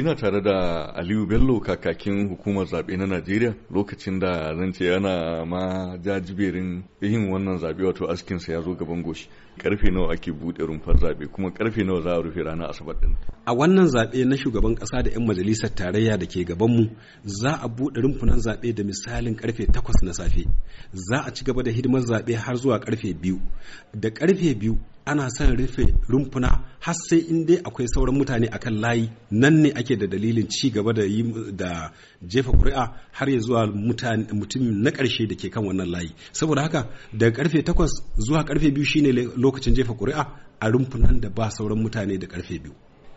ina tare da aliyu bello kakakin hukumar zaɓe na najeriya lokacin da zan yana ma jajiberin yin wannan zaɓe wato askinsa ya zo gaban goshi karfe nawa ake buɗe rumfar zaɓe kuma karfe nawa za a rufe ranar asabar ɗin a wannan zaɓe na shugaban ƙasa da 'yan majalisar tarayya da ke gabanmu za a buɗe rumfunan zaɓe da misalin karfe takwas na safe za a ci gaba da hidimar zaɓe har zuwa karfe biyu da karfe biyu ana son rufe rumfuna har sai in dai akwai sauran mutane a kan layi nan ne ake da dalilin ci gaba da yi da jefa kuri'a har ya zuwa mutum na ƙarshe da ke kan wannan layi saboda haka daga karfe 8 zuwa karfe 2 shine lokacin jefa kuri'a a rumfunan da ba sauran mutane da karfe 2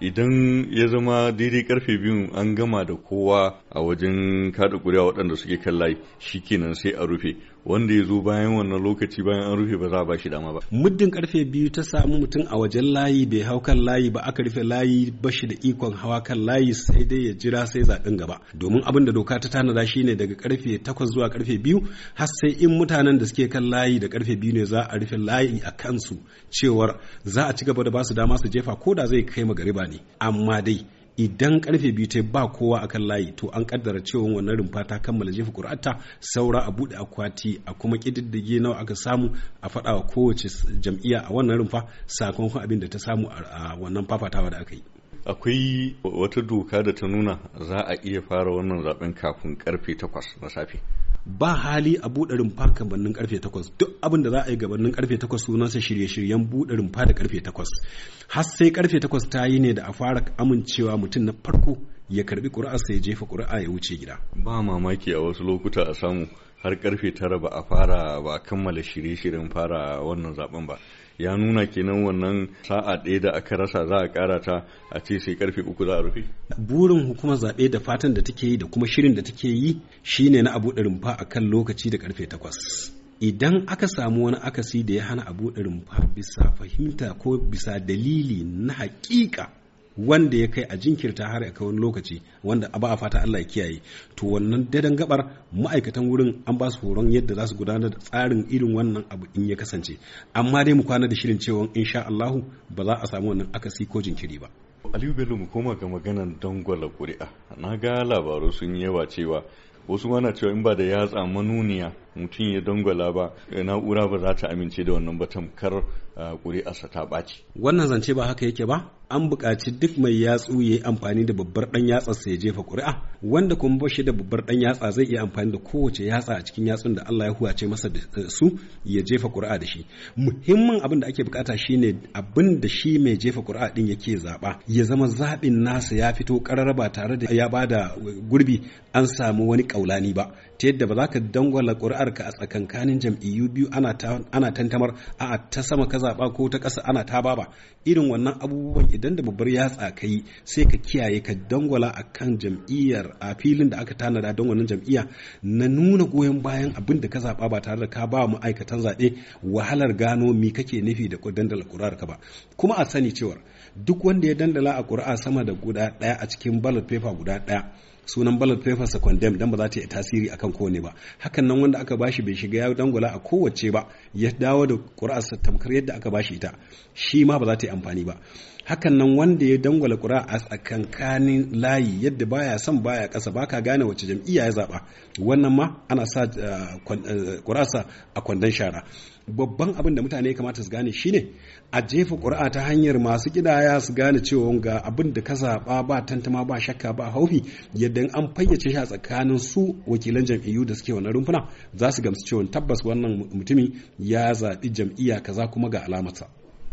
idan ya zama daidai karfe biyu an gama da kowa a wajen kada kuri'a waɗanda suke kan layi shikenan sai a rufe wanda ya zo bayan wannan lokaci bayan an rufe ba za a ba shi dama ba muddin karfe biyu ta samu mutum a wajen layi bai hau kan layi ba aka rufe layi ba shi da ikon hawa kan layi sai dai ya jira sai zaɓen gaba domin abin da doka ta tanada shi ne daga karfe takwas zuwa karfe biyu har sai in mutanen da suke kan layi da karfe biyu ne za a rufe layi a kansu cewar za a ci gaba da ba su dama su jefa ko da zai kai magariba ne amma dai idan karfe biyu ta ba kowa a kan layi to an kaddara cewa wannan rumfa ta kammala jefa kur'ata saura a buɗe akwati a kuma ƙididdige nawa aka samu a faɗa wa kowace jam'iyya a wannan rumfa sakamakon abin da ta samu a wannan fafatawa da aka yi akwai wata doka da ta nuna za a iya fara wannan zaben kafin karfe takwas na safe ba hali a buɗe rumfa gabanin karfe takwas, duk abin da za a yi gabanin karfe 8 sunansa shirye-shiryen buɗe rumfa da karfe takwas, har sai karfe takwas ta yi ne da a fara amincewa mutum na farko ya karbi ƙuri'a sai jefa ƙuri'a ya wuce gida ba mamaki a wasu lokuta a samu har karfe tara ba a fara ba a kammala shirye-shiryen fara wannan zaben ba ya nuna kenan wannan sa'a ɗaya da aka rasa za a ƙara ta a ce sai karfe uku za a rufe burin hukumar zaɓe da fatan da take yi da kuma shirin da take yi shine na abu rumfa a kan lokaci da karfe takwas idan aka samu wani akasi da ya hana abu rumfa bisa fahimta ko bisa dalili na haƙiƙa wanda ya kai a jinkirta har a wani lokaci wanda ba a fata Allah ya kiyaye to wannan daidan gabar ma'aikatan wurin an ba su horon yadda za su gudanar da tsarin irin wannan abu in ya kasance amma dai mu kwana da shirin cewa insha Allahu ba za a samu wannan akasi ko jinkiri ba Aliyu Bello mu koma ga maganar dangwala kuri'a na ga labaru sun yawa cewa wasu mana cewa in ba da yatsa manuniya mutum ya dangwala ba na'ura ba za ta amince da wannan ba tamkar ah, ƙuri'arsa ta ɓaci. Wannan zance ba haka yake ba? An buƙaci duk mai yatsu ya yi amfani da babbar ɗan yatsarsa ya jefa ƙuri'a wanda kuma bashi da babbar ɗan yatsa zai iya amfani da kowace yatsa a cikin yatsun da Allah ya huwace masa da su ya jefa ƙuri'a da shi. Muhimmin abin da ake buƙata shine abin da shi mai jefa ƙuri'a din yake zaɓa ya zama zaɓin nasa ya fito ƙararraba ba tare da ya bada gurbi an samu wani ƙaulani ba ta yadda ba za ka dangwala ƙuri'a kuri'ar a tsakankanin jam'iyyu biyu ana tantamar a ta sama ka zaba ko ta ƙasa ana ta baba irin wannan abubuwan idan da babbar yatsa ka yi sai ka kiyaye ka dangwala a kan jam'iyyar a filin da aka tanada don wannan jam'iyya na nuna goyon bayan abin da ka zaba ba tare da ka ba ma'aikatan zaɓe wahalar gano mi kake nufi da dandala kuri'ar ka ba kuma a sani cewar duk wanda ya dandala a kuri'a sama da guda ɗaya a cikin ballot paper guda ɗaya sunan ballot paper sa condemn dan ba za ta yi tasiri akan kowane ba hakan nan wanda aka bashi bai shiga ya dangula a kowace ba ya dawo da ƙuri'arsa tamkar yadda aka bashi ita shi ma ba za ta yi amfani ba hakan nan wanda ya dangwala kura a tsakankanin layi yadda baya son baya ba ka gane wace jam'iyya ya zaba wannan ma ana sa eh, kurasa eh, a kwandon shara babban abin da mutane ya kamata su gane shi ne a jefa kura ta hanyar masu kidaya su gane cewa ga abin da ka zaɓa ba tantama ba shakka ba haufi yadda an fayyace shi a tsakanin su wakilan jam'iyyu da suke wannan rumfuna za su gamsu cewa tabbas wannan mutumin ya zaɓi jam'iyya kaza kuma ga alamarsa.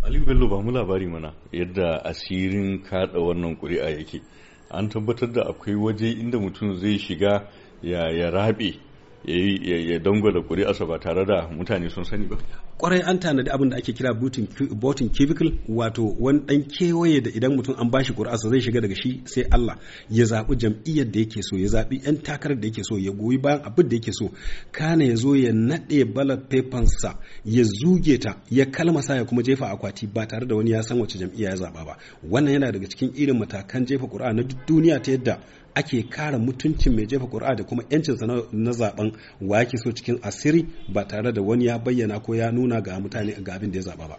Aliyu Bello ba mu labari mana yadda asirin kada wannan ƙuri'a yake. An tabbatar da akwai waje inda mutum zai shiga ya rabe ya dangwala ƙuri'arsa ba tare da mutane sun sani ba kwarai an tanadi abin da ake kira botin cubicle wato wani ɗan kewaye da idan mutum an bashi ƙuri'arsa zai shiga daga shi sai Allah ya zaɓi jam'iyyar da yake so ya zaɓi 'yan takarar da yake so ya goyi bayan abin da yake so kana ya zo ya naɗe ballot papersa ya zuge ta ya kalmasa ya kuma jefa akwati ba tare da wani ya san wace jam'iyya ya zaɓa ba wannan yana daga cikin irin matakan jefa ƙuri'a na duniya ta yadda ake kare mutuncin mai jefa ƙuri'a da kuma 'yancin sa na zaben wa yake so cikin asiri ba tare da wani ya bayyana ko ya nuna ga mutane ga abin da ya zaba ba